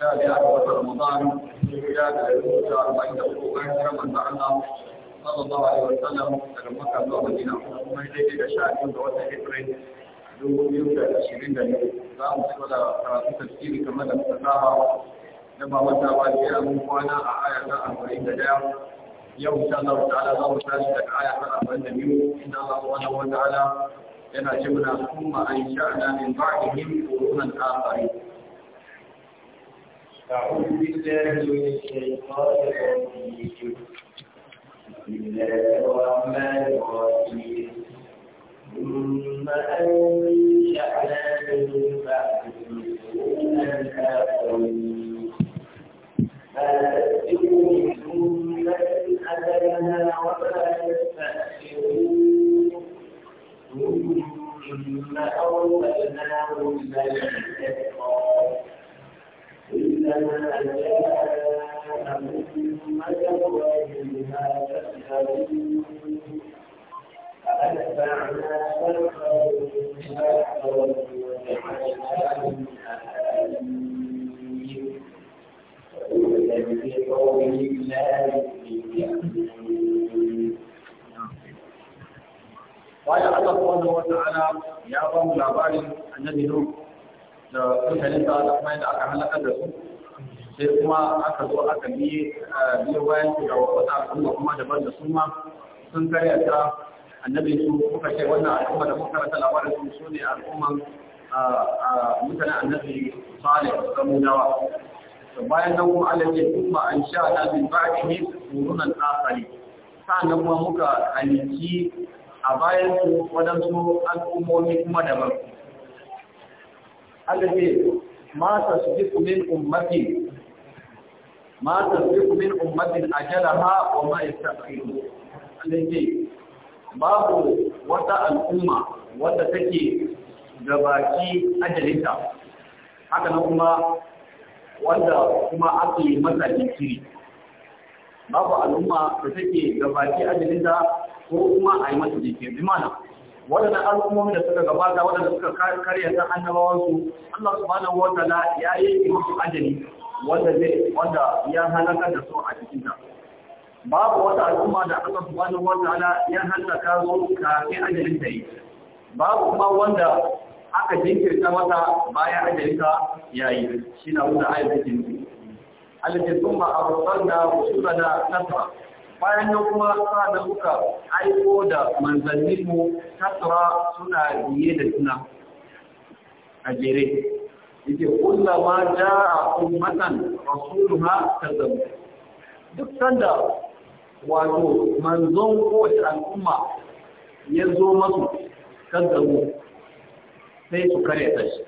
شهر عشر رمضان لبلاد الهجرة 43 bayan hijirar manzon Allah sallallahu alaihi wasallam daga Makka zuwa Madina kuma daidai da da da da da wata ba a aya ta arba'in da daya yau za mu tashi daga ta arba'in da yana أعوذ بالله من الشيطان الرجيم بسم الله الرحمن الرحيم ثم أنشأنا من بعدهم آخرين فأتبعوا ثم أتينا وما يستأخرون ثم أولنا الذين bayan Allah subhanahu wa ta'ala ya ba mu labarin annabi Nuh da mutanen da aka halaka da su sai kuma aka zo aka bi eh, biyo bayan su da wata al'umma kuma daban da suma sun karya ta annabi su kuka ce wannan al'umma da kuka rasa labarin su su ne al'umman eh, eh, mutane annabi salih samunawa to bayan nan kuma Allah ya kuma an sha ta bin ba'dihi qurunan akhari sannan kuma muka halici a bayan su wadansu al'ummomi kuma daban Allah ya ma tasbiqu min ummati ma tasbiqu min ummatin ajalaha wa ma yastaqbilu alladhi babu wata al'umma wadda take gabaki ajalinta haka na kuma wanda kuma aka yi masa jinkiri babu al'umma da take gabaki ajalinta ko kuma a yi masa jinkiri bimana waɗannan al'ummomin da suka gabata waɗanda suka karya san annabawansu Allah subhanahu wa ta'ala ya yi musu ajali wanda zai wanda ya halaka da su a cikin ta babu wata al'umma da Allah subhanahu wataala ya halaka su kafin ajalin ta yi babu kuma wanda aka jinkirta mata bayan ajalin ta yayi shi na wanda ayat take nufi alladhi thumma arsalna rusulana nasra bayan nan kuma sa da muka aiko da manzanninmu tasra suna biye da suna a jere yake kulla ma ja'a ummatan ha kazzabu duk sanda wato manzon kowace al'umma ya zo masu kazzabu sai su kare ta shi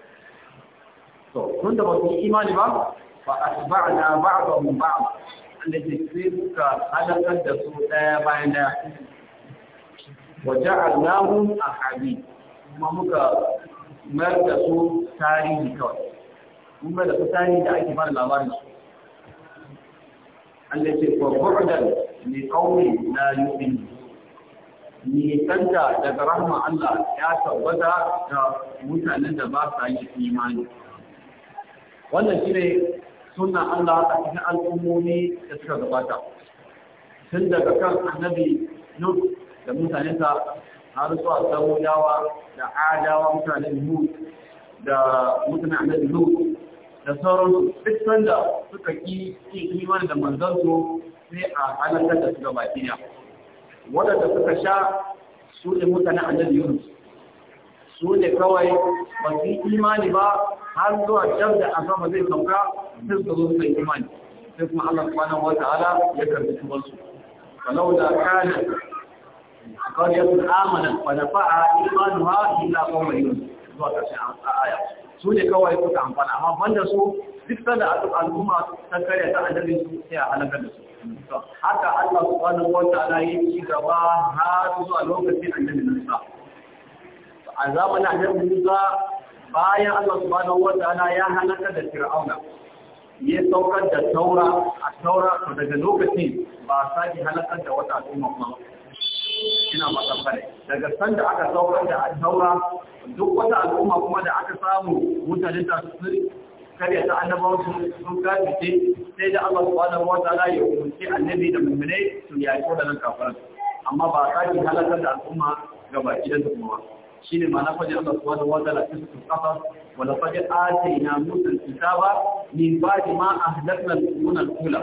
to tun da ba ba a ba ba a asba'na ba'dahum ba'd ke sai suka halakar da su daya bayan daya wa a ahadith kuma muka mayar da su tarihi kawai kuma da fitani da ake fara labarin su Allah ce ko bu'dan li qaumin la yu'minun ni kanta daga rahma Allah ya tabbata da mutanen da ba sa yi imani wannan shine sunna Allah a cikin al'ummomi da suka gabata tun daga kan annabi Nuh da mutanensa har zuwa dawa da adawa mutanen Nuh da mutanen annabi Nuh da sauran duk sanda suka ki ki iman da su sai a halartar da su ga baki ne waɗanda suka sha su ne mutanen annabi yunus su ne kawai ba su imani ba har zuwa can da azama zai sauka sai su zo su imani sai kuma Allah subhanahu wata'ala ya karbi tubansu falau da kana kawai ya amana fa nafa'a imanuha illa qawma yunus zuwa ƙarshen aya su ne kawai suka amfana amma banda su duk sanda al'umma ta karya ta annabi su sai a halaka da su haka Allah subhanahu wa ta'ala ya ci gaba har zuwa lokacin annabi Musa a zamanin annabi Musa bayan Allah subhanahu wa ta'ala ya halaka da Fir'auna ya saukar da taura a taura daga lokacin ba sai halaka da wata al'umma ba ina matsabarai daga sanda aka saura da saura duk wata al'umma kuma da aka samu mutane ta su kare ta annabawa su sun sai da Allah subhanahu wa ta'ala ya hukunci annabi da mu'minai su yayi ko da nan amma ba ka ji halakar da al'umma ga baki da kuma shine ma na faɗi Allah subhanahu wa ta'ala cikin sura wa laqad atayna musa kitaba min ba'di ma ahlakna al-quruna al-ula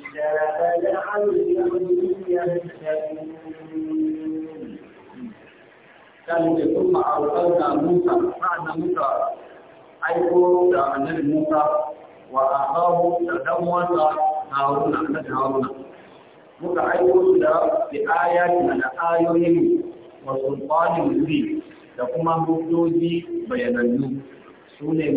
الكتاب لعلهم يهتدون كان ثم أرسلنا موسى معنى موسى أيقو النبي موسى وأخاه muka aiko da ayatina da ayoyin wa da kuma hujjoji bayanannu su ne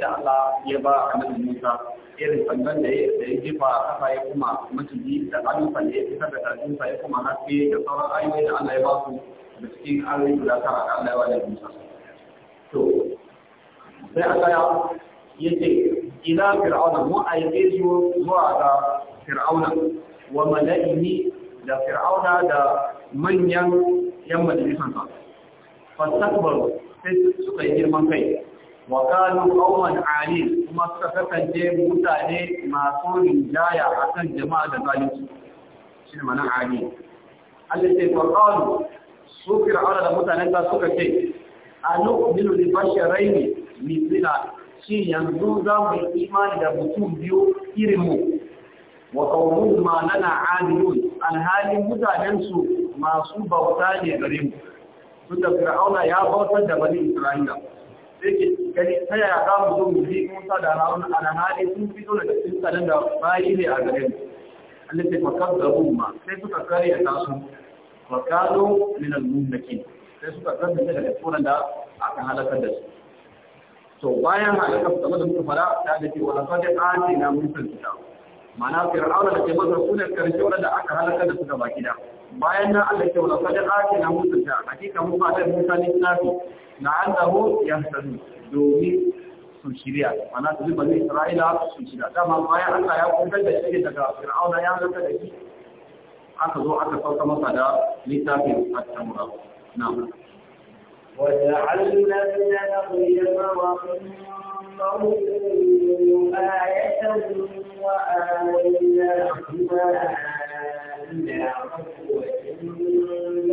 da Allah ya ba a nan Musa irin sandan da ya yi jefa a kasa ya kuma maciji da alufa ne ya fitar da ƙarfinsa ya kuma haske da sauran ayyuka da Allah ya ba su da cikin ayoyi guda tara da Allah ya wada Musa. To, sai a ya ce, ina fir'auna mu aike su zuwa ga fir'auna wa mala'ihi da fir'auna da manyan yan majalisansa. Fastakbaru sai suka yi girman kai wa kalu qauman kuma suka kasance mutane masu rinjaya akan jama'a da zalunci shine mana alim Allah sai su fir'auna da mutanen ta suka ce anu minu li basharaini mislina shi yanzu za mu yi imani da mutum biyu irin mu wa qawmun ma lana adilun alhalin mutanen masu bauta ne gare mu tunda fir'auna ya bautar da bani isra'ila sai ke gani ta yaya za mu zo mu bi Musa da Harun alhali sun fito daga cikin salon da bayi ne a gare mu Allah sai fakar da umma sai suka karya ta su fakalo min al-mundakin sai suka karya ta daga tsoron da aka halakar da su to bayan halakar da mutum fara ta da ke wala sai atina mun san ta ma'ana fir'auna da ke masa sunan karshe wanda aka halakar da su gaba gida bayan nan Allah ke wala kada ake na musu ta hakika mun fata Musa ne tsafi na annahu yahtadu domin su shirya ana su bani Isra'ila su shirya dama bayan Allah ya kuntar da shi daga Fir'auna ya zaka da shi aka zo aka sauka masa da littafin at-Tawrat na'am وجعلنا ابن مريم وأمه آية وآيناهما إلى ربهم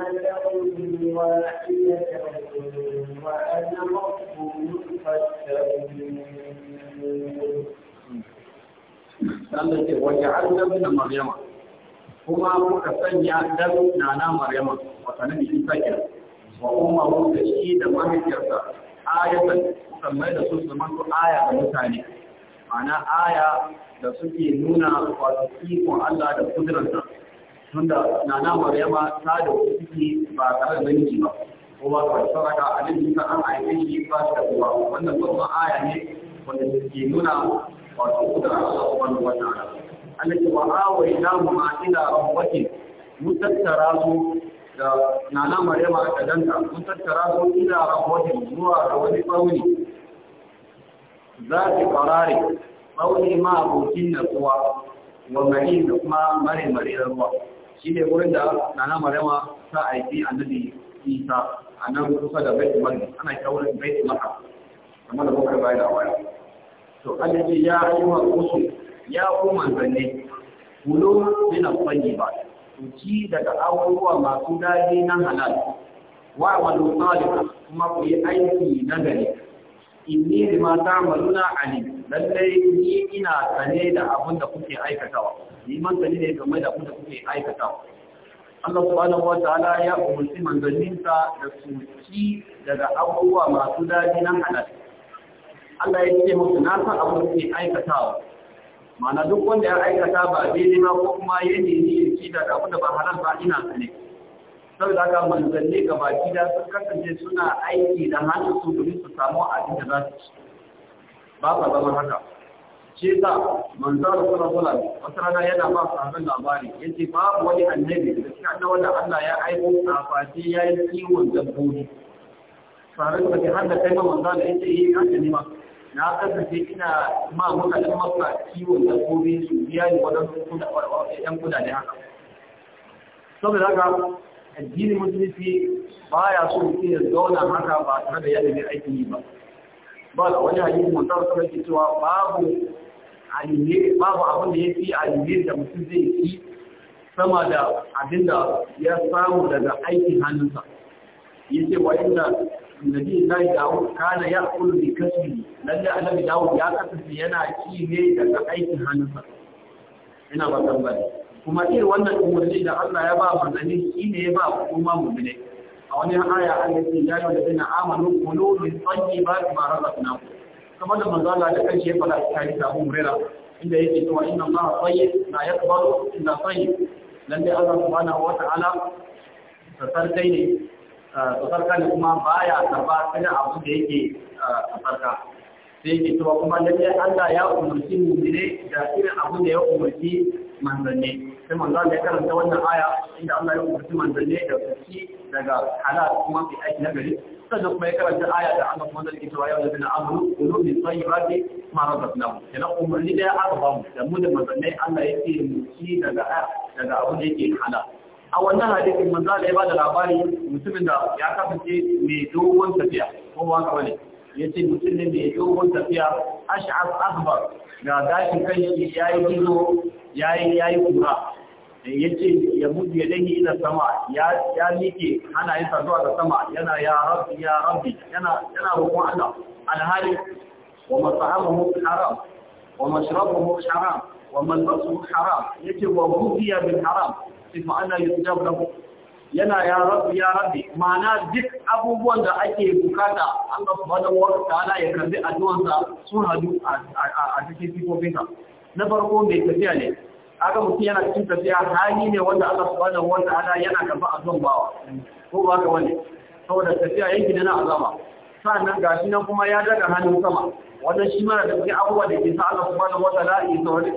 متى واحدة وأنا ربكم فاتقون kuma muka sanya dan nana Maryama wata da Isa ke wa umma da shi da mahaifiyarsa ayatan musamman da su su manto aya ga mutane mana aya da suke nuna wato ikon Allah da kudurarsa tunda nana maryama ta da ciki ba tare da namiji ba kuma ba saraka annabi ka an aike shi ba shi da kuma wannan babban aya ne wanda take nuna wato kudura wani wata wa ta'ala Allah ce wa awaina mu ila rabbatin mun tattara su da nana maryama ta danta mun tattara su ila rabbatin zuwa ga wani tsauni za ki farare tsauni ma abokin natsuwa wa mari da kuma mare mare ruwa shi ne wurin da nana marewa ta aiki annabi isa a nan kusa da bai tumari ana kyau wurin bai tumaka kamar da bukar bayar a waya to alibi ya yi wa kusu ya ku manzanni kulo min al ba ku ci daga abubuwa masu daji na halal wa wani tsalika kuma ku yi aiki na gari inni mata maluna alibi lallai ni ina sane da abin da kuke aikatawa ni man sane ne game da abin da kuke aikatawa Allah subhanahu wa ta'ala ya umurci manzanninsa da su ci daga abubuwa masu daji nan halal Allah ya ce musu na san abin da kuke aikatawa ma'ana duk wanda ya aikata ba daidai ba ko kuma ya nemi ya ci daga abin da ba halal ba ina sane saboda aka manzanni gaba gida sun kasance suna aiki da hannun su domin su samu abin da za su ci ba sa zaman haka shi sa manzon rasulullah wata rana yana ba sahabban labari yace babu wani annabi da cikin annabawan da Allah ya aiko safati ya yi kiwon dabbobi sahabban da har da kai ma manzon eh, da yace yi haka ne ma na ce ina ma mutanen maka kiwon dabbobi su biya ni wadansu yan kudade haka saboda haka addinin musulunci ba ya so mutum ya zauna haka ba tare da yadda ne aikin yi ba ba da wani hadisi mun tsara kuma cewa babu alimi babu abin da yafi alimi da mutum zai yi sama da abin da ya samu daga aikin hannunsa yace wa inna nabi Allah Dawud kana ya'kul bi kasbi lalle annabi Dawud ya kasance yana ci ne daga aikin hannunsa ina ba tambaya kuma irin wannan umarni da Allah ya ba manzanni shi ne ya ba kuma mu'mini a wani aya an yi ya yi da zina amanu kulu min tayyibati ma razaqnakum kamar da manzo da kan ya fada a cikin Abu Hurairah inda yake cewa inna Allah tayyib la yaqbalu illa tayyib lalle Allah subhanahu wa ta'ala sarkai ne sarka ne kuma baya karba kada abu da yake ka. sai yake cewa kuma lalle Allah ya umarci mu ne da irin abu da ya umurci manzanni sai manzo ya karanta wannan aya inda Allah ya umarci manzanni da su daga halal kuma bi aiki nagari sannan kuma ya karanta aya da Allah kuma da yake cewa yau da bin amru kullu bi tayyibati ma razaqnahu yana umarni da aka ba mu da mu da ne Allah ya ce mu ci daga daga abu da yake halal a wannan hadisin manzo da ya ba da labari mutumin da ya kasance mai dogon tafiya ko ba ka bane yace mutumin ne mai dogon tafiya ash'ab akbar ga gashin kai yayi gizo yayi yayi kura ce ya buɗe yadahi ila sama ya ya hana ana yin zuwa ga sama yana ya rabbi ya rabbi yana yana roƙon Allah alhali wa mat'amuhu haram wa mashrabuhu haram wa malbasuhu haram yace wa budiya bil haram sifa ana yusjab lahu yana ya rabbi ya rabbi ma'ana duk abubuwan da ake bukata Allah subhanahu wa ta'ala ya karbi addu'ansa sun hadu a cikin sifofinsa na farko mai tafiya ne aka mutum yana cikin tafiya hali ne wanda Allah subhanahu wa ta'ala yana karba azan bawa ko ba ka wani saboda tafiya yake da na azama sannan gashi nan kuma ya daga hannun sama wannan shi mara da cikin abubuwa da ke sa Allah subhanahu wa ta'ala ya saurari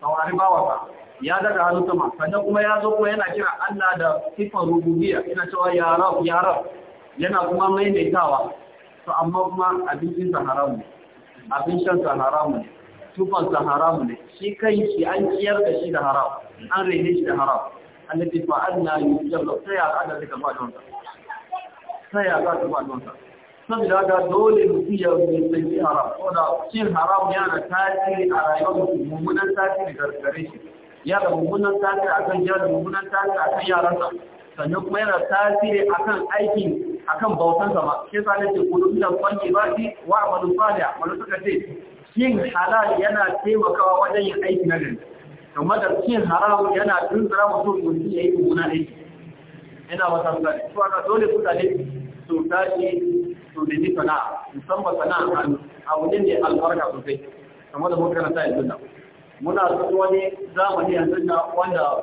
saurari bawa sa ya daga hannun sama sannan kuma ya zo kuma yana kira Allah da sifar rububiyya yana cewa ya rab ya rab yana kuma maimaitawa to amma kuma abincin sa haramu abincin sa haramu ne tufansa haram ne shi kai shi an kiyar da shi da haram an rene shi da haram annabi fa anna yujalla ta ya kada daga fadon sa ta ba kada fadon sa saboda ga dole mutum ya yi haram ko da shi haram ya na tasiri a rayuwar mu mummunan tasiri da gare shi yana da mummunan tasiri akan jiya da mummunan tasiri akan sa sannan kuma yana tasiri akan aikin akan bautan sama shi sa nake kudu da kwanke ba shi wa amalu fadiya wani suka ce yin halal yana taimakawa wajen yin aiki na gari kamar da cin haram yana tuntura mutum mutum ya yi mummuna aiki yana wata sani su aka dole mutane su tashi su nifa na musamman sana'a abu ne ne albarka sosai kamar da muka karanta yanzu na muna cikin wani zamani yanzu na wanda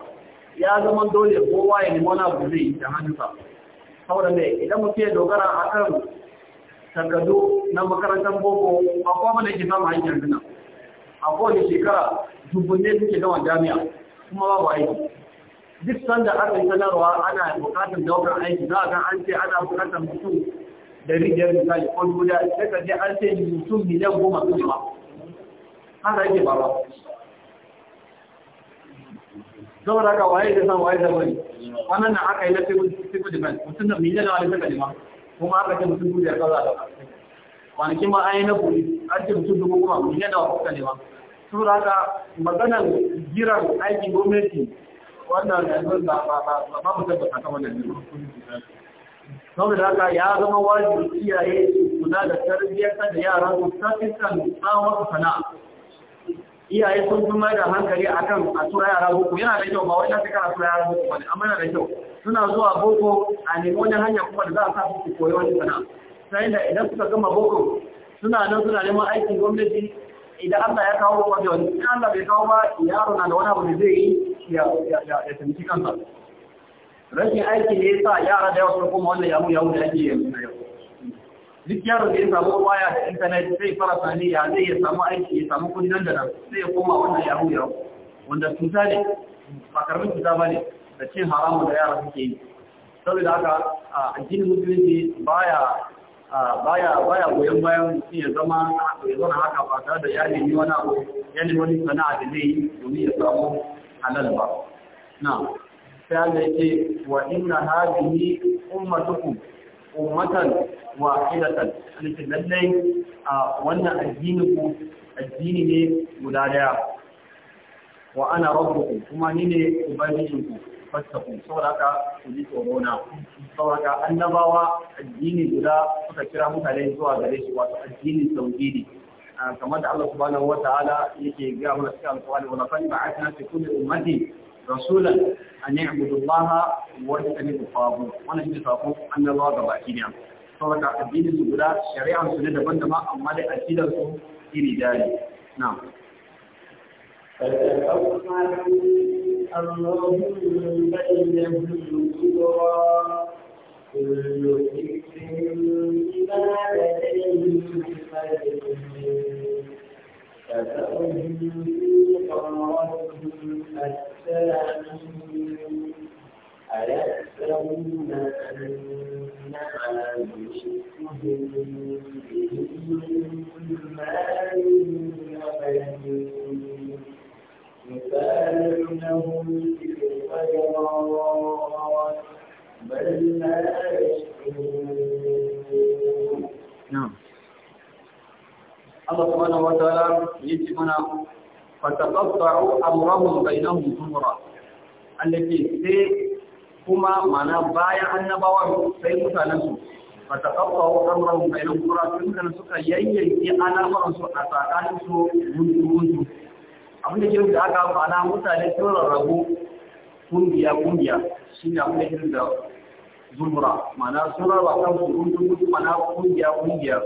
ya zama dole kowa ya nemo na buzai da da hannunsa saboda ne idan mutum ya dogara kan takardu na makarantar boko a kwamma da ke samu hanyar duna a kowane shekara dubbunne suke gama jami'a kuma ba babu aiki duk sanda aka yi sanarwa ana bukatar daukar aiki za a kan an ce ana bukatar mutum dari biyar misali ko guda sai ka je an ce mutum miliyan goma su jima haka yake ba ba saboda ka waye da san waye da bari wannan na aka yi na da defense mutum da miliyan wani saka jima kuma aka ce mutum dubu biyar kaza da kwanakin ma an na buri an ce mutum dubu kuma mun yadda wa kuka ne ma saboda haka maganar giran aiki gwamnati wannan yanzu ba ba ba mu tabbata kan wannan ne da haka ya zama wajibi iyaye su kula da tarbiyyar da yaran su ta fiskan tsawon sana'a iyaye sun fi mai da hankali akan a tura yara boko yana da kyau ba wai ta kara tura yara boko bane amma yana da kyau suna zuwa boko a nemi wani hanya kuma da za a sa su koyi wani sana. sai da idan suka gama boko suna nan suna neman aikin gwamnati idan Allah ya kawo kwaje wani in Allah bai kawo ba yaro na da wani abu da zai yi ya tamci kansa rashin aiki ne ya sa yara da yawa sun koma wannan yamu yamu da ake yanzu na yau duk yaro da ya samu waya da intanet zai fara saniya zai ya samu aiki ya samu kudi nan da nan sai ya koma wannan ya yahu wanda cuta ne ba karbin cuta ba ne da cin haramun da yara suke yi saboda haka addinin musulunci baya baya baya goyon bayan mutum ya zama ya zama haka ba tare da ya nemi wani abu ya wani sana'a da zai yi domin ya samu halal ba na sai Allah ya ce wa inna hadhihi ummatukum ummatan wahidatan alifin lallai a wannan addini ku addini ne guda daya wa ana rabbukum kuma ni ne ubangijinku fastaku saboda haka ku ji tsorona saboda annabawa addini guda suka kira mutane zuwa gare shi wato addini tauhidi kamar da Allah subhanahu wataala yake ga mana cikin alƙawari wa laqad ba'athna fi kulli ummati rasulan ne ya'budu Allah wa yastanibu tawabu wannan shi ne sakon annabawa gaba baki ne saboda addinin su guda shari'ar su ne daban-daban amma dai aqidar su iri dali فذرهم في غمرتهم حتى أيحسبون أن على نشركهم بهم مال وبنين لهم في الخيرات بل لا يشكرون نعم Allah subhanahu wa ta'ala yace mana fataqatta'u amrahum bainahum zumra allati sai kuma mana bayan annabawa sai mutanen su fataqatta'u amrahum bainahum zumra sun suka yayyanki al'amuran su a tsakanin su gundu abin da ke da aka mana mutane sun rarrabu kungiya kungiya shine abin da da zumra mana sun rarraba kansu gundu mana kungiya kungiya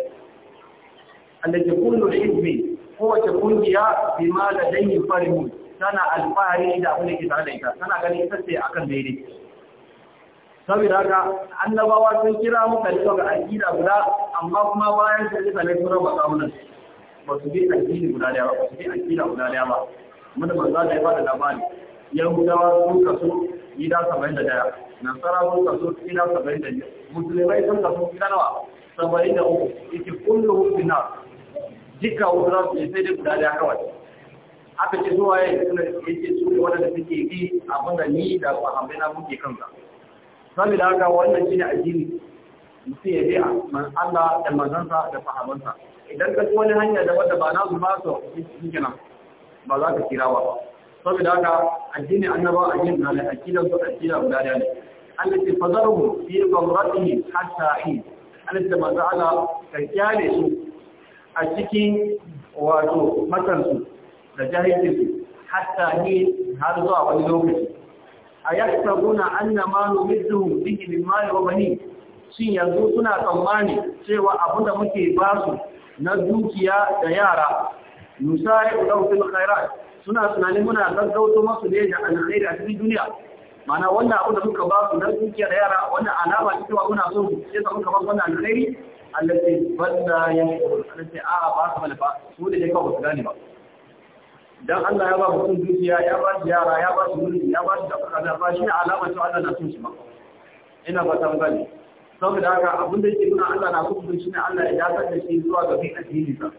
allake kullu hizbi kowace kungiya bi ma da dangin farimun tana alfahari da abin da ke tare da ita tana ganin ita ce akan daidai saboda haka annabawa sun kira mu kalli ga aqida guda amma kuma bayan sun yi kalli sura ba kamunan ba su bi aqidi guda da ba su bi aqida guda da ba mun da manzo da ya bada labari yahudawa sun kaso gida 71 nasara sun kaso gida 72 musulmai sun kaso gida nawa 73 yake kullu fi nar duka wuta za su yi sai dai guda daya kawai aka ce zuwa ya suna yake su ne waɗanda suke bi abin da ni da sahabbai na muke kansa da haka wannan shine addini mutum ya biya man Allah da manzansa da sahabansa idan ka wani hanya da wadda ba na zuba su shi kenan ba za ka kira ba da haka addini annaba addini na da akidan su akida guda da ne Allah ce fazaru fi zamratihi hatta hin Allah ce manzo Allah ka kyale su a cikin wato matansu da jahilcinsu hatta ne har zuwa wani lokaci a yaktabuna anna ma numidduhum bihi min mali wa bani shin yanzu suna tsammani cewa abinda muke ba su na dukiya da yara nusari lahu fil khairat suna tunanin muna gaggauto masu ne da alkhairi a cikin duniya mana wannan abu da muka ba su na dukiya da yara wannan alama cewa muna so su sai muka ba su wannan alkhairi allati banna yashkur allati a'a ba ka bala ba su da kai ba su gane ba dan Allah ya ba mutum dukiya ya ba shi yara ya ba shi mulki ya ba shi da kaza ba shi alama cewa Allah na son shi ba ina ba tan gane da haka abin da yake nuna Allah na kuma shi ne Allah ya dakatar da shi zuwa ga bin addini sa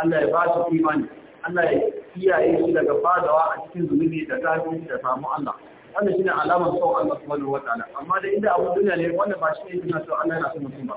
Allah ya ba shi imani Allah ya kiyaye shi daga fadawa a cikin zunubi da kafin da samu Allah wannan ne alamar son Allah subhanahu wataala amma da inda abun duniya ne wannan ba shi ne yana so Allah yana son mutum ba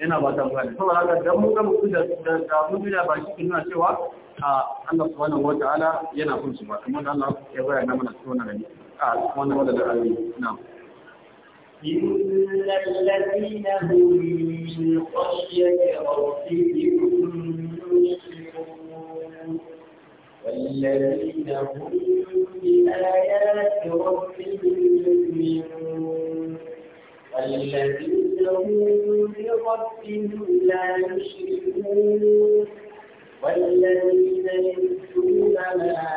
yana ba ta gane saboda haka dan mun ga mutum da da mun da ba shi nuna cewa Allah subhanahu wataala yana kun su ba kuma Allah ya bayyana mana cikin ne a wannan wanda da Allah na'am إن الذين هم من خشية ربهم مشفقون والذين هم بآيات ربهم يؤمنون الذين هم بربهم لا يشركون والذين يؤتون ما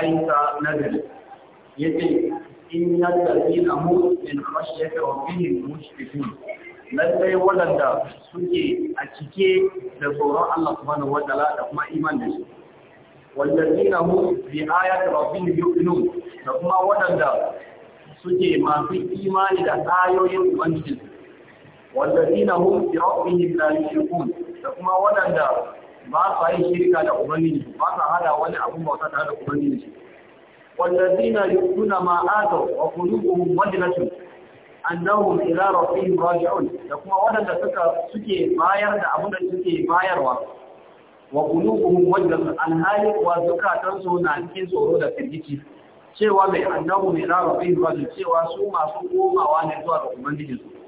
bayinsa na gari yace in yadda mu min khashyati rabbihim mushfiqun lallai waɗanda suke a cike da tsoron Allah subhanahu wataala da kuma iman da shi wallazina hum bi ayati rabbihim yu'minun da kuma waɗanda suke masu imani da ayoyin ubangiji wallazina hum bi rabbihim la yushrikun da kuma waɗanda ba sa yi shirka da ubangiji ba sa hada wani abu bauta tare da ubangiji wallazina yu'tuna ma ataw wa qulubuhum wajlatun annahum ila rabbihim raji'un da kuma wadanda suka suke bayar da abun da suke bayarwa wa qulubuhum wajlatun alhali wa zakatan su na cikin tsoro da firgici cewa mai annahum ila rabbihim raji'un cewa su masu komawa ne zuwa ga ubangiji su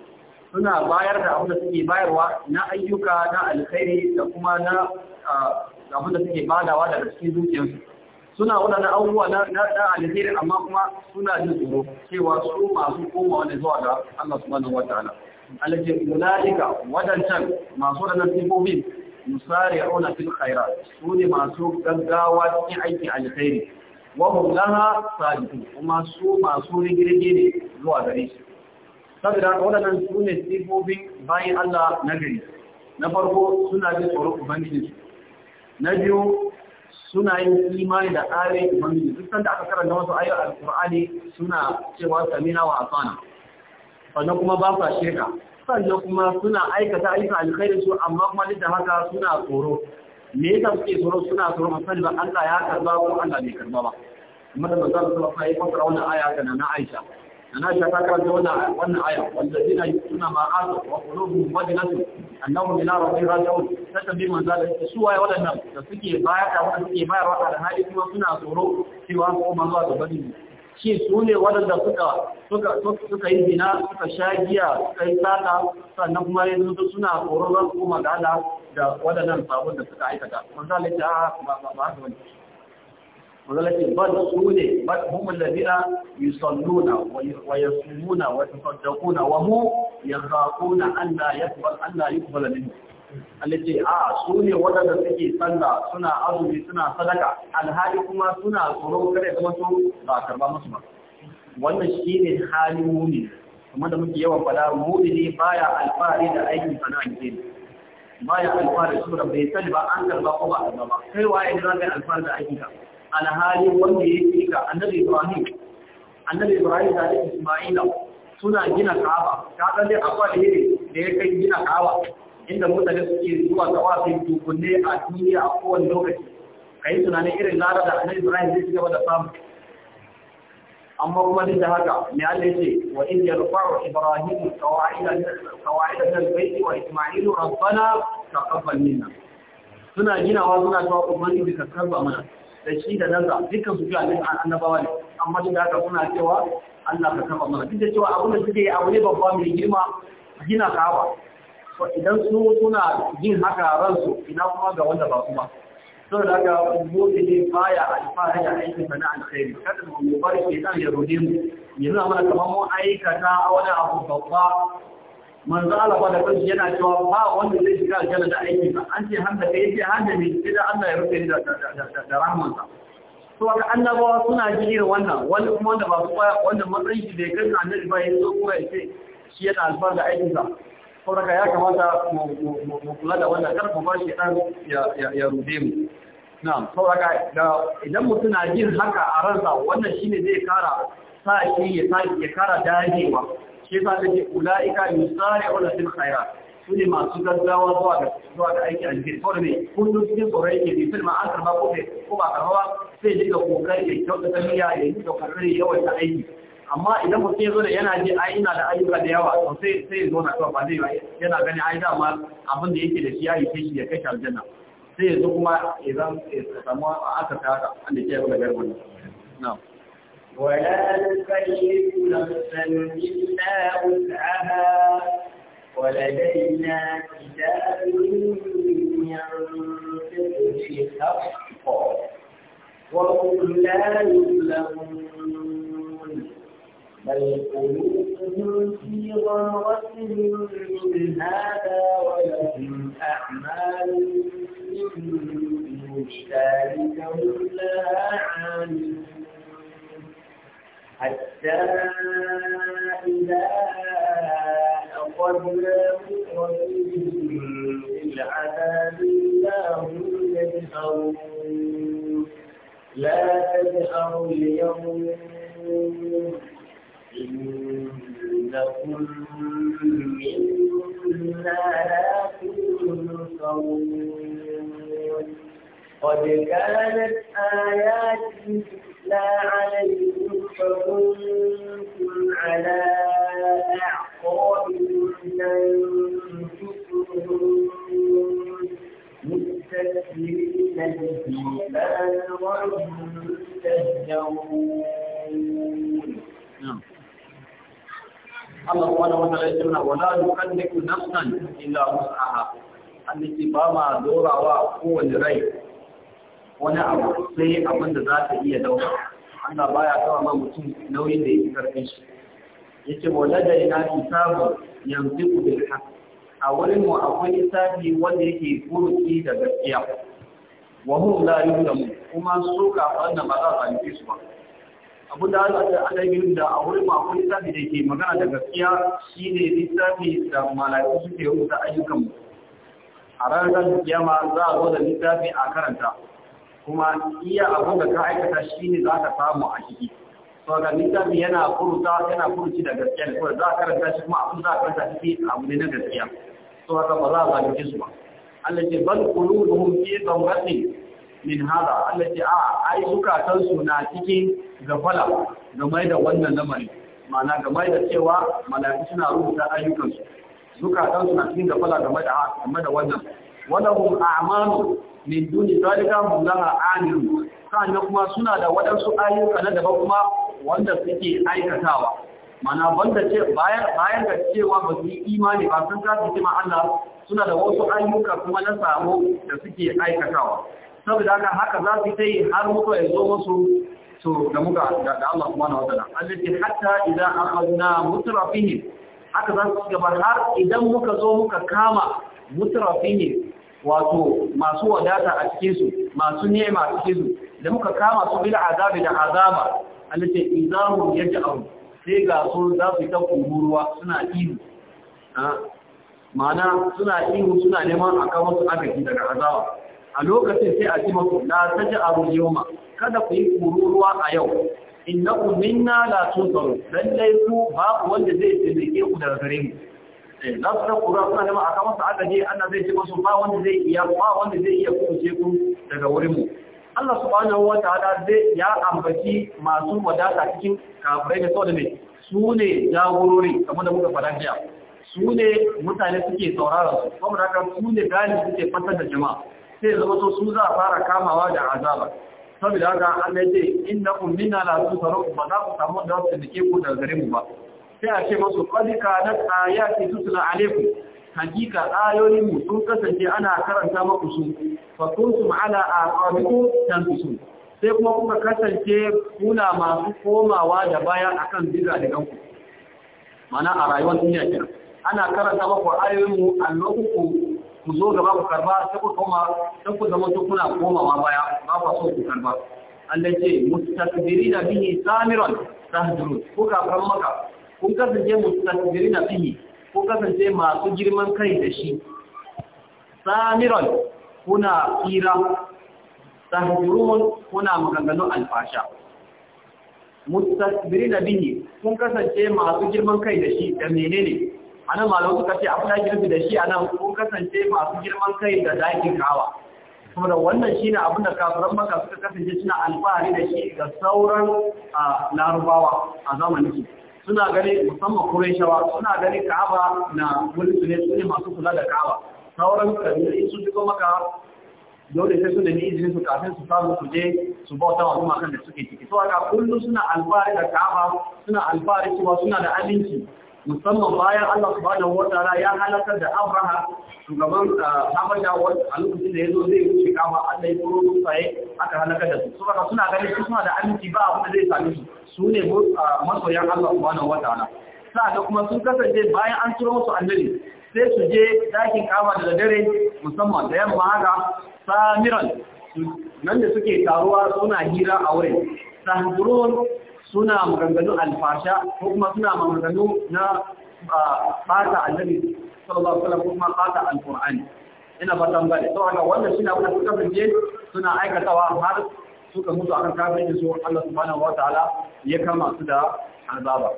suna bayar da abin da suke bayarwa na ayyuka na alkhairi da kuma na abin da suke badawa daga cikin zuciyarsu suna na abubuwa na ɗan alheri amma kuma suna jin tsoro cewa su masu koma wani zuwa ga Allah subhanahu wataala Allah ce ulaika wadancan masu da nasibobin musari'una fil khairat su ne masu gaggawa cikin aikin alkhairi wa hum laha sadiqun kuma su masu rigirge ne zuwa gare shi saboda waɗannan su ne sifofin bayan Allah na gari na farko suna bi tsoron ubangiji na biyu suna yin imani da tsarin ubangiji duk sanda aka karanta wasu ayyar alkur'ani suna cewa samina wa asana sannan kuma ba sa sheka sannan kuma suna aikata ayyukan alkhairi su amma kuma duk da haka suna tsoro me yasa suke tsoro suna tsoro musamman ba Allah ya karba ko Allah bai karba ba kuma da manzo su alaihi wasallam ya fassara wannan aya kana na Aisha ana ta ta karanta wannan wannan aya wanda zina yusuna ma asa wa qulubuhum wajlatun annahum ila rabbihim raji'un sai bi man zalika su waye wadannan da suke baya da wanda suke bayarwa da hali kuma suna tsoro cewa ko manzo da bani shi su ne wadanda suka suka suka yi zina suka sha giya kai yi sata sannan kuma yanzu suna tsoron kuma da da wadannan sabon da suka aikata ba ba وذلك بل سولة بل هم الذين يصلون ويصومون ويتصدقون وهم يخافون أن لا يقبل أن لا يقبل منهم التي آه سولة ودد سكي صلى سنة أرضي سنة صدقة الهالي كما سنة صلو كده كما سنة لا كربا مصمر wannan shi ne halin muni kuma da muke yawan fada muni ne baya alfahari da aikin sana alheri baya alfahari saboda bai sani ba an karba ko ba karba ba kai waye ne za alfahari da aikin ka alhali wanda ya yi ga annabi ibrahim annabi ibrahim da isma'ila suna gina kaba ta kalle akwai ne da ya kai gina kaba inda mutane suke zuwa tawafin tukunne a duniya a kowane lokaci yi tunanin irin lara da annabi ibrahim zai ci gaba da samu amma kuma duk da haka ne Allah ce wa in yarfa'u ibrahim qawaida qawaida min wa isma'il rabbana taqabbal minna suna ginawa suna cewa ubangiji ka karba mana da shi da nazar dukkan su biyu annabawa ne amma duk da haka suna cewa Allah ka kafa mana duk da cewa abin da suke yi abu ne babba mai girma gina kawa to idan su suna yin haka ransu ina kuma ga wanda ba kuma to da haka mutu ne baya alfahari da aikin sana alkhairi kada mu bari ke ya rode mu yanzu amma kamar mu aikata wani abu babba manzo Allah ba da kanshi yana cewa ba wanda zai shiga aljanna da aiki ba an ce hanta kai ce hanta ne idan Allah ya rufe ni da da rahmansa to ga annabawa suna jirin wannan wani kuma wanda ba su ba wanda matsayin shi bai kai annabi ba yanzu kuma yace shi yana alfar da aikin sa to daga ya kamata mu kula da wannan kar mu ba shi dan ya ya rude mu na'am to daga idan mutum na jin haka a ransa wannan shine zai kara sa shi ya kara dajewa shi yasa take ulaika yusari'una fil khairat su ne masu gaggawa zuwa ga zuwa ga aiki alheri saboda ne kullum cikin tsoro yake bi fil ma an karba ko ko ba karba sai dinga kokari ya kyautata miya ya yi da kokari yawan ta aiki amma idan mutum ya zo da yana ji ai ina da ayyuka da yawa to sai sai zo na kawai ba zai ba yana gani ai dama abin da yake da shi ya yi shi ya kai aljanna sai ya zo kuma ya zama ya samu aka ta haka an da ke yau da garba na ولا نكلف نفسا إلا وسعها ولدينا كتاب ينطق بالحق وهم لا يظلمون بل قلوبهم في غمرة من هذا ولهم أعمال من دون ذلك هم لها عاملون حتى إذا أخذناهم بالعذاب لا هم يجهرون لا تجهروا اليوم إنكم منا لا تنصرون قد كانت آياتي لا عليكم فكنتم على أعقابكم تنكسون مستكبرين به بادرا تهجرون Allah subhanahu wa ta'ala ya wala yukallifu nafsan illa wus'aha annabi ba ma dorawa kowane rai wani abu sai abin da za ta iya dauka Allah baya kawo ma mutum nauyin da yake karfin shi yace walada ina kitabu yanzu bil haqq a wurin mu akwai hisabi wanda yake furuki da gaskiya wa hum la mu kuma su ka wannan ba za a zalunce su ba abu da Allah ta ala yi da a wurin mu akwai hisabi da yake magana da gaskiya shine hisabi da malaiku suke rubuta ayyukan mu a ranar kiyama za a zo da lissafi a karanta kuma iya abin da ka aikata shi ne za ka samu a ciki so ga littafi yana furuta yana furuci da gaskiya ne kawai za a karanta shi kuma abin za a karanta shi abu ne na gaskiya so haka ba za a zalunci su ba Allah ce ban da bal qulubuhum fi dhammatin min hada Allah ce a ai zukatan su na cikin gafala game da wannan lamarin ma'ana game da cewa mala'iku suna rubuta ayyukansu zukatan su na cikin gafala game da game da wannan walahum a'malu min duni zalika hum laha amilun sannan kuma suna da wadansu ayyuka na daban kuma wanda suke aikatawa mana banda ce bayan bayan da cewa ba su yi imani ba sun kasu cima Allah suna da wasu ayyuka kuma na samu da suke aikatawa saboda haka haka za su ta yi har mutuwa ya zo musu to da muka da Allah subhanahu wa ta'ala allati hatta idan akhadna mutrafihim haka za su gaba har idan muka zo muka kama mutrafi ne wato masu wadata a cikinsu masu nema a cikinsu da muka kama su bil azabi da azaba alita izahu yaj'u sai ga su za su ta kururuwa suna ihu ah, ma'ana suna ihu suna neman a kawo su agaji daga azaba a lokacin sai a ji maku la taj'aru yawma kada ku yi kururuwa a yau innakum minna la tunzaru dai ku babu wanda zai taimake ku daga gare mu Eh, za su kura suna nema a kama su agaji Allah zai ce masu ba wanda zai iya ba wanda zai iya kuce ku daga wurinmu. Allah subhanahu wa ta'ala zai ya ambaci masu wadata cikin kafirai da saboda ne su ne jagorori kamar da muka fara jiya su ne mutane suke saurara su kuma da su ne gani suke fatar da jama'a sai zama to su za a fara kamawa da azaba saboda haka Allah ya ce innakum minna la tusarru ba za ku samu da wasu da ke ku daga gare mu ba sai a ce masu ƙwadika na tsaya ke tutula alaikum hakika ayoyin mu sun kasance ana karanta maku su a ala aqabikum tanfisun sai kuma kuka kasance kuna masu komawa da baya akan diga da ganku mana a rayuwar duniya kenan ana karanta maku ayoyin mu annaku ku ku zo gaba ku karba sai ku koma sai ku zama kuna komawa baya ba ku so ku karba Allah ce mustakbirina bihi samiran tahdurun kuka kan maka kun kasance mustakbiri na fihi kun kasance masu girman kai da shi samiran kuna tsira tahjurun kuna maganganun alfasha mustakbiri na bihi kun kasance masu girman kai da shi da menene nan malo suka ce abu da girbi da shi a nan. kun kasance masu girman kai da dakin kawa saboda wannan shi abin da kafiran maka suka kasance suna alfahari da shi ga sauran ah, larubawa a zamanin su suna gani musamman kurenshawa suna gani Ka'aba na wani ne su ne masu kula da Ka'aba sauran kabilu su shigo maka dole sai su da ni izini su kafin su samu su je su bauta wa kan da suke ciki to haka kullu suna alfari da Ka'aba suna alfari cewa suna da aminci musamman bayan Allah subhanahu wataala ya halartar da afraha shugaban Habasha ah, a lokacin da ya zo zai wuce kama Allah ya koro tsaye aka halakar da su saboda suna ganin su suna da aminci ba abin da zai same su su ne ah, masoyan Allah subhanahu wataala da kuma sun kasance bayan an turo musu annabi sai su je dakin kama da dare musamman da yamma haka samiran nan da suke taruwa suna hira a wurin sahurun suna maganganun alfasha ko kuma suna maganganu na bata ah, annabi sallallahu alaihi wasallam ko kuma bata alqur'ani ina ba tambare to haka wannan shi na suka suna aikatawa har suka mutu akan kafin su Allah subhanahu ta'ala ya kama su da azaba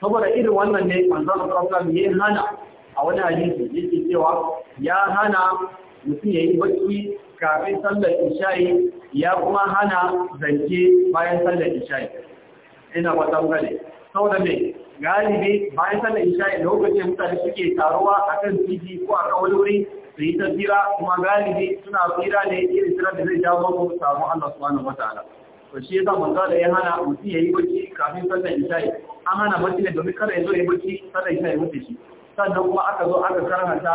saboda irin wannan ne manzo sallallahu ya hana a wani hadisi yake cewa ya hana mutum yayi bacci kafin sallar isha'i ya kuma hana zance bayan sallar isha'i ina wata sau saboda mai galibi bayan sallar isha'i lokacin mutane suke taruwa a kan titi ko a wani wuri su yi ta tsira kuma galibi suna tsira ne irin tsira da zai jawo mu samu Allah subhanahu wataala to shi yasa manzo da ya hana mutum ya yi bacci kafin sallar isha'i an hana bacci ne domin kada ya zo ya bacci sallar isha'i mutu shi sannan kuma aka zo aka karanta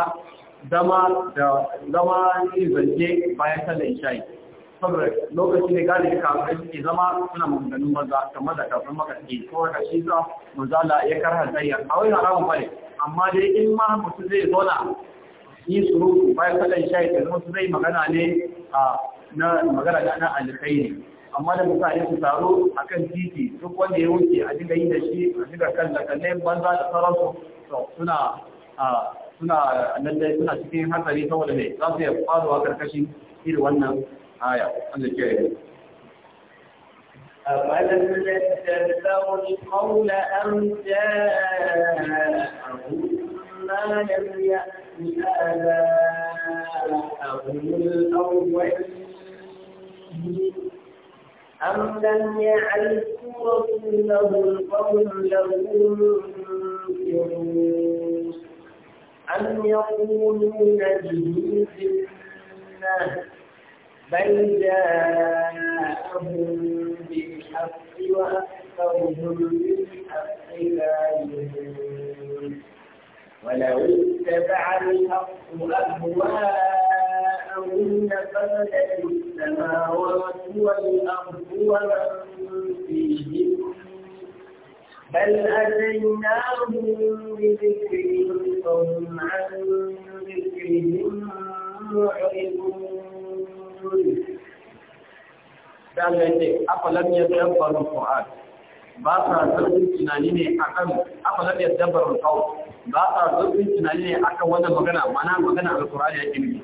zama da zama yin zance bayan sallar isha'i saboda lokaci ne galibi kafin suke zama suna maganganun maza kamar da kafin maka suke saboda shi sa manzala ya karhar zayyar a wani haramun bane amma dai in ma mutu zai zauna yi surutu bayan kadan shayi da mutum zai magana ne a na magana da na alkhairi amma da mutane su taro a kan titi duk wanda ya wuce a dinga yi da shi a dinga kan da banza da sauransu suna suna lallai suna cikin hatsari saboda mai za su iya faruwa karkashin irin wannan آية عند ke yi أولم يتدبروا القول أم جاءهم ما لم يأت آباءهم الأولين أم لم يعرفوا رسوله القول لهم أم يقولون به سنة بل جاءهم بالحق وأكثرهم بالحق لا يؤمنون ولو اتبع الحق أهواءهم لفردت السماوات والأرض ومن فيهم بل أتيناهم بذكرهم فهم عن ذكرهم معرضون surori da Allah yake afalam yadabbaru qur'an ba sa zurfin tunani ne akan afalam ba sa zurfin tunani ne akan wannan magana mana magana alqur'ani ya ne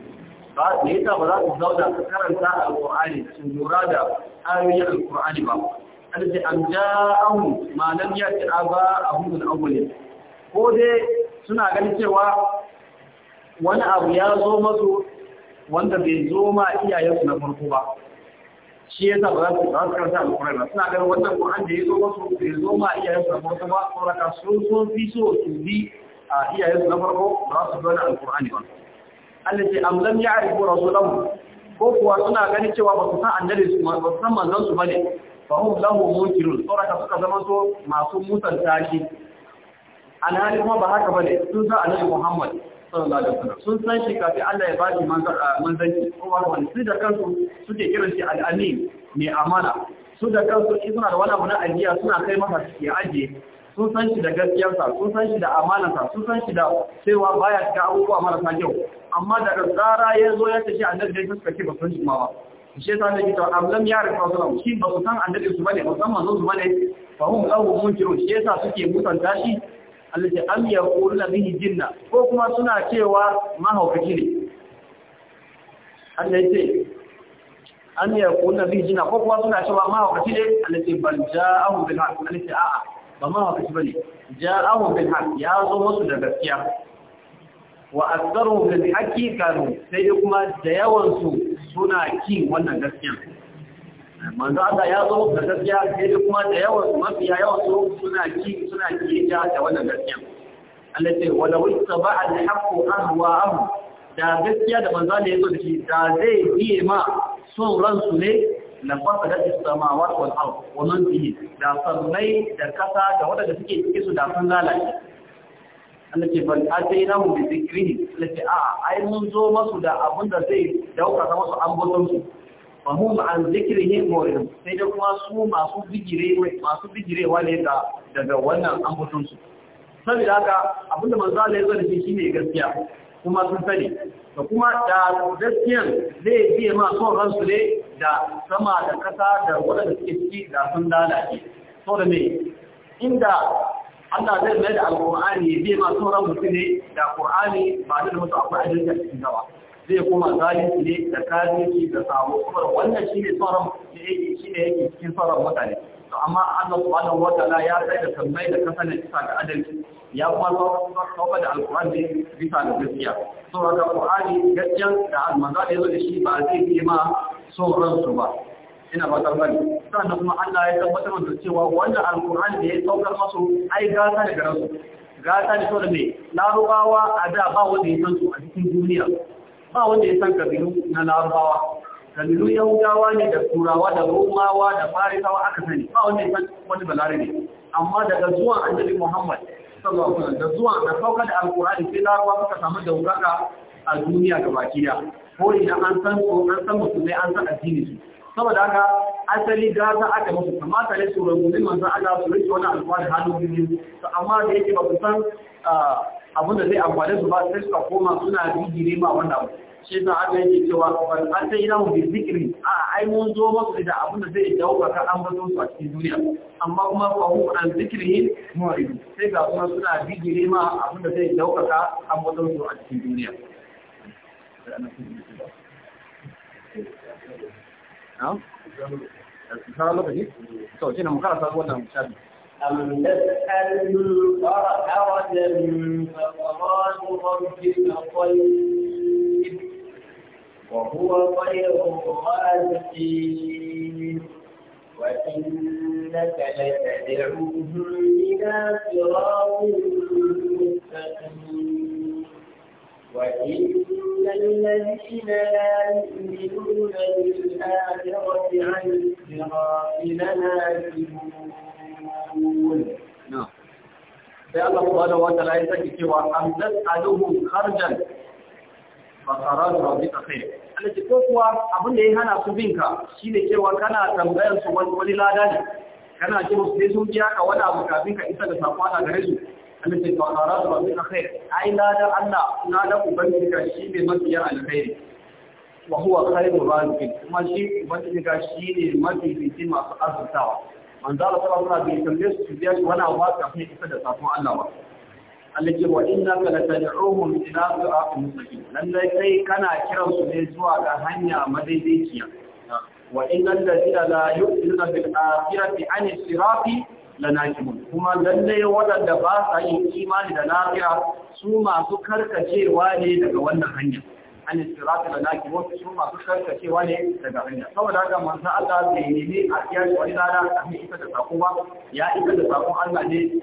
ba ne ta ba za ku zauna karanta alqur'ani sun lura da ayoyin ba ja amja'ahum ma al-awwalin ko dai suna ganin cewa wani abu ya zo masu wanda bai zo ma iyayensu na farko ba shi ya sa ba za su ba su karanta alƙur'ani ba suna ganin wannan Qur'an da ya zo masu bai zo ma iyayensu na farko ba saboda su sun fi so su bi a iyayensu na farko ba su zo na alƙur'ani ba Allah ce am lam ya'rifu rasulahu ko kuwa suna ganin cewa ba su san annabi su ba su san manzon su bane fa hum lahu munkirun raka suka zama to masu musanta shi alhali kuma ba haka bane sun san annabi Muhammad sallallahu alaihi wasallam sun san shi kafin Allah ya ba shi manzanni ah, kowa wani su da kansu suke kiran shi al'amin mai amana su da kansu suna da wani abu na ajiya suna kai masa ya ajiye sun san shi da gaskiyarsa sun san shi da amanarsa sun san shi da cewa baya cika abubuwa marasa kyau amma daga tsara ya zo ya tashi annabi da suka ce ba sun shi ma ba shi yasa da kita amlam ya rika sallam shi ba su san annabi su bane ba zo manzon su bane fa hum lahu munkirun shi sa suke mutanta shi alladhi ce am yaquluna bihi jinna ko kuma suna cewa mahaukaci ne Allah ce an yaquluna bihi jinna ko kuma suna cewa mahaukaci ne Allah ce bal ja'ahu bil haqq Allah ce a'a ba mahaukaci bane ja'ahu bil haqq ya zo musu da gaskiya wa aktharuhum bil haqqi kanu sai kuma da yawan su suna kin wannan gaskiya manzo Allah ya zo da gaskiya sai da kuma da yawan mafiya yawan su suna ki suna kiyaya da wannan gaskiya Allah sai wala wattaba al-haqqu ahwa'ahum da gaskiya da manzo Allah ya zo da shi da zai biye ma sun ransu ne na fasa da samawat wal ard wa man bihi da sanai da kasa da da suke cikin su da sun lalace Allah ce bal mu bi dhikrihi Allah ce a ai mun zo masu da da zai dauka masu ambaton su mahum an zikirin morin sai da kuma su masu bigirewa ne daga wannan ambatonsu saboda haka abinda manzala ya zo da shi shine gaskiya kuma sun sani da kuma da gaskiyan zai biya ma son ransu ne da sama da kasa da waɗanda suke ciki da sun lalace so da me inda Allah zai mai da alƙur'ani biye ma son ransu ne da Al-Qur'ani ba da musu akwai ajiyar da cikin gaba zai kuma zalunci ne da kafirci da sabo kuma wannan shine tsaron da yake shine yake cikin tsoron mutane to amma Allah subhanahu wataala ya sai da tambayi da kasance bisa ga adalci ya kuma sauka da alkur'ani bisa ga gaskiya so ga qur'ani gaskiyan da almanza da yazo da shi ba zai yi ma son ransu ba ina ba ta bari sannan kuma Allah ya tabbatar da cewa wanda alkur'ani da ya saukar masu ai gata daga ransu gata ne saboda me larubawa a da ba wanda ya san su a cikin duniya ba wanda ya san kabilu na larabawa kabilu yahudawa ne da turawa da romawa da farisawa aka sani ba wanda ya san wani balarabe amma daga zuwan annabi muhammad sallallahu alaihi da zuwan da sauka da alqur'ani sai larabawa suka samu wuraka a duniya gabaki da ko ina an san ko an san ne an san addini su saboda haka asali gata aka musu kamata ne su rungumi manzo Allah su rike wani alfahari hannu biyu To amma da yake ba ku san ah, abinda zai amfani su ba sai suka koma suna rigire ma wannan abu shi na haka yake cewa ban an sai ina mu bizikiri a ai mun zo masu da abin da zai dawo ka an bazo su a cikin duniya amma kuma fa hu an zikiri mu'ridu sai ga kuma suna rigire ma abin da zai dawo ka an bazo su a cikin duniya lokaci to mu wannan أم تسأل حرجا فقرات ربك طيب وهو خير الرازقين وإنك لتدعوهم إلى صراط مستقيم وإن الذين لا يؤمنون بالآخرة عن الصراط لناكبون يشركون sai Allah subhanahu wa wata ya saki cewa am nas'aluhum kharjan fa qarar rabbika khair Allah ce ko kuwa abin da ya hana su binka ne cewa kana tambayar su wani lada ne kana ce musu sai sun biya ka wani abu kafin ka isa da sakon Allah gare su Allah ce fa qarar rabbika khair ai lada Allah lada ubangijinka shine mafiya alkhairi wa huwa khairur raziqin kuma shi shi ne mafi fitin masu azurtawa manzo Allah sallallahu alaihi wasallam bai tambaye su biya wani abu kafin ya isa da safon Allah ba Allah ce wa innaka latad'uhum ila siratin mustaqim lalle kai kana kiran su ne zuwa ga hanya madaidaiciya wa innal ladina la yu'minuna bil akhirati an sirati lanakibun kuma lalle wadanda ba sa yin imani da lafiya su masu karkacewa ne daga wannan hanya an istirati da naki wasu su masu karkacewa ne daga hanya saboda haka manzo Allah bai nemi a kiyaye wani lada a mai ita da sako ba ya isa da sakon Allah ne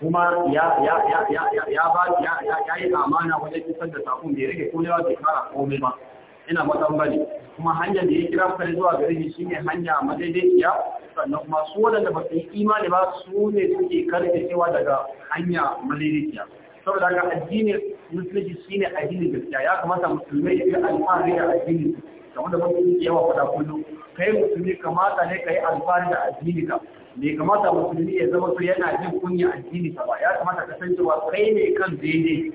kuma ya ya ya ya ya ba ya ya ya yi amana wajen isar da sakon bai rage kolewa bai kara komai ba ina matan bane kuma hanyar da ya kira kare zuwa gare shi shine hanya madaidaiciya sannan kuma su wadanda ba su yi imani ba su ne suke karkacewa daga hanya madaidaiciya saboda haka addini. musulunci ne addinin gaskiya ya kamata musulmai ya yi alfahari da addini wanda da ke yawa faɗa kullum kai musulmi kamata ne ka yi alfahari da addini ka bai kamata musulmi ya zama su yana jin kunya addini ka ba ya kamata ka san cewa kai ne kan daidai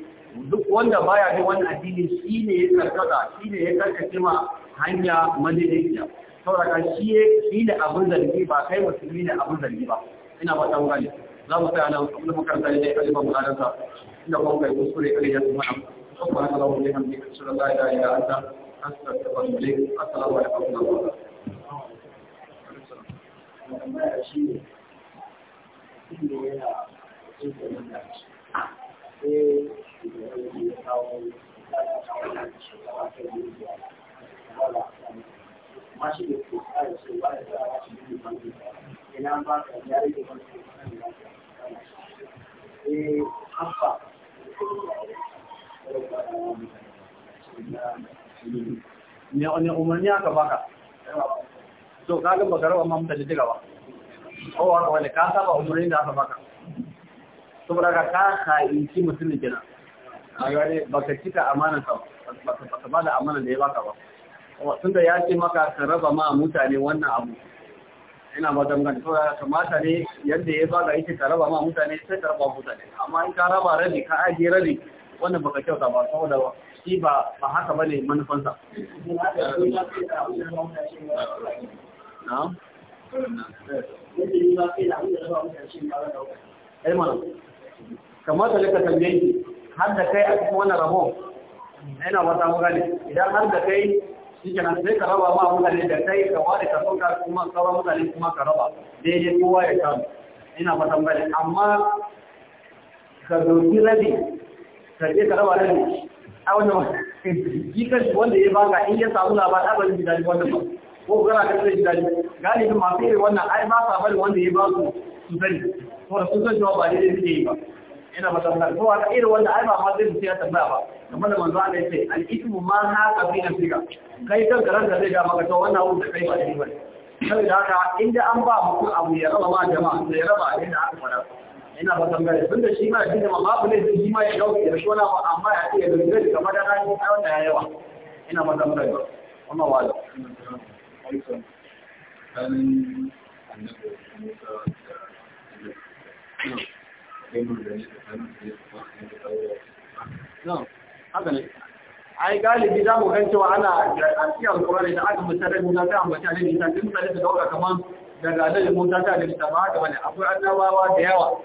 duk wanda baya bin wani addini ne ya karkata ne ya karkace ma hanya madaidaiciya sauraka shi shi ne abin zargi ba kai musulmi ne abin zargi ba ina ba ta wuri za mu tsaya nan kuma karanta ne da ya kalli ba mu inda kuma kai kuskure kai ya kuma abu subhanallahi wa bihamdihi ashhadu an la ilaha illa anta astaghfiruka Thank you. ne umarni aka baka so kaga baka raba ma mutane diga ba kowa wanda ka saba umarni da aka baka saboda ka ka ka'inci mutumin gina a gare baka cika amana ka baka bada amanar da ya baka ba tunda ya ce maka ka raba ma mutane wannan abu ina maganganu to ya kamata ne yadda ya zaga yake ka raba ma mutane sai ka raba mutane amma in ka raba rabi ka ajiye rabi wannan baka kyauta ba saboda shi ba ba haka bane manufansa na'am eh, kamata ne ka tambaye har da kai a cikin wannan rabon ina wata magani idan har da kai shi kenan sai ka raba ma mutane da kai ka ware ka sauka kuma sauran mutane kuma ka raba daidai kowa ya samu ina fatan bane amma ka dauki rabi ka je ka raba rabi a wanda ba shi kan wanda ya baka in ya samu labar abin gidani wanda ba ko gara da zai gidani galibin masu irin wannan ai ba sa bari wanda ya ba su su sani saboda sun san cewa ba daidai suke yi ba ina ba tambaya ko wata irin wanda ai ba ma zai mutu ya tambaya ba kamar da manzo Allah yace al ismu ma na ka fi nafsika kai kan garan da zai ga maka to wannan abu da kai ba dai ba da haka inda an ba mu mutum abu ya raba ma jama'a sai raba inda aka fara ina ba tambaya tun da shi ma shi da babu ne shi ma ya dauke da shi wala ba amma ya ce ya dogara da kamar da ran ko wanda ya yawa ina ba tambaya wannan wala Thank you. ai galibi za mu gan cewa ana a cikin alkurari da aka mutane musa ta ambaci alaihi ta duk sai da dauka kaman daga alaihi musa ta alaihi ta ba haka bane akwai annabawa da yawa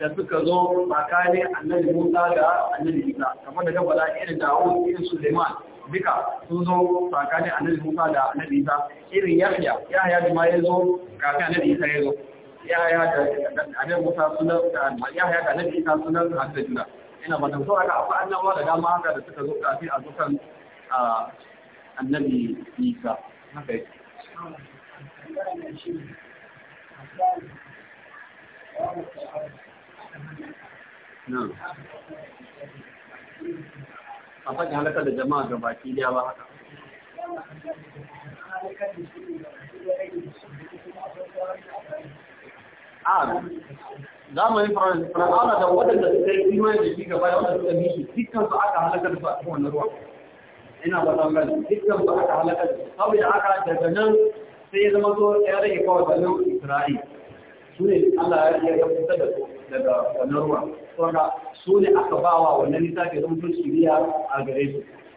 da suka zo tsakanin annabi musa da annabi isa kamar da gaba da irin dawud irin suleiman duka sun zo tsakanin annabi musa da annabi isa irin yahya yahya da ma ya zo kafin annabi isa ya zo yaya da annabi Musa sunan da yaya da annabi Isa sunan ina ba dan so aka afa annabawa da dama haka da suka zo kafi a dukan annabi Isa haka yake a halakar da jama'a ga baki daya ba haka zamanin fir'auna da waɗanda suka yi imani da shi gaba da waɗanda suka mishi dukkan su aka halakar su a cikin wannan ruwa ina ba san gani dukkan su aka halakar saboda aka daga nan sai ya zama so ya rage kawai wannan isra'i su ne Allah ya fita da su daga wannan ruwa saboda su ne aka ba wa wannan lissafi zama sun shiriya a gare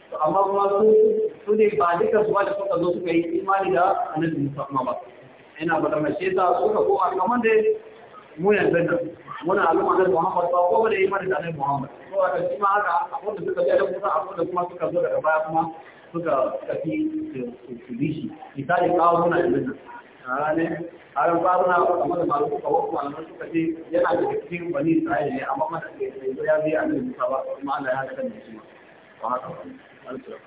su amma kuma su ne ba dukkan su ba da suka zo suka yi imani da annabi musamman ba ina magana shi yasa su ko a kamar da mu yanzu nan muna da Muhammad ba ko da imani da nan Muhammad Ko a kashi ma haka abin da suka ji da Musa abin da kuma suka zo daga baya kuma suka tafi su bi shi misali kawo muna yanzu nan ne har ba muna kamar da malu ko wasu malamai suka ce yana da cikin bani Isra'ila ne amma mana ke yanzu ya bi Annabi Musa ba kuma Allah ya haka da shi ba haka ba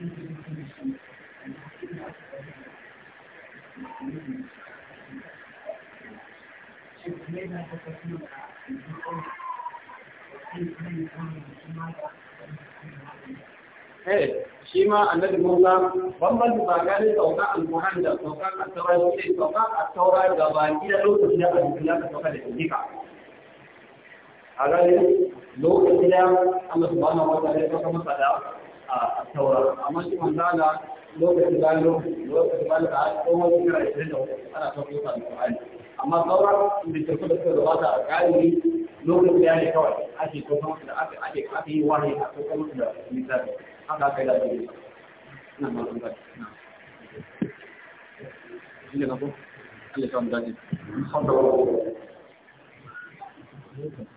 Eh, shi ma annabi Musa bambanci ba gane sauka al-Qur'an da sauka a taurat ne sauka a taurat da ba ni da lokacin da a jikin ya sauka da dika a ranar lokacin da Allah ba wa wata ne sauka masa da a taura amma shi manzo Allah lokacin bayan lokacin bayan da tsohon shekara ishirin da ana son kusa da Qur'ani amma sauran littattafan da suka gabata a galibi lokacin ya ne kawai ake ko kuma da ake ake ake yi wani a ko kuma da littafi haka kai da shi shi ne Allah ya daji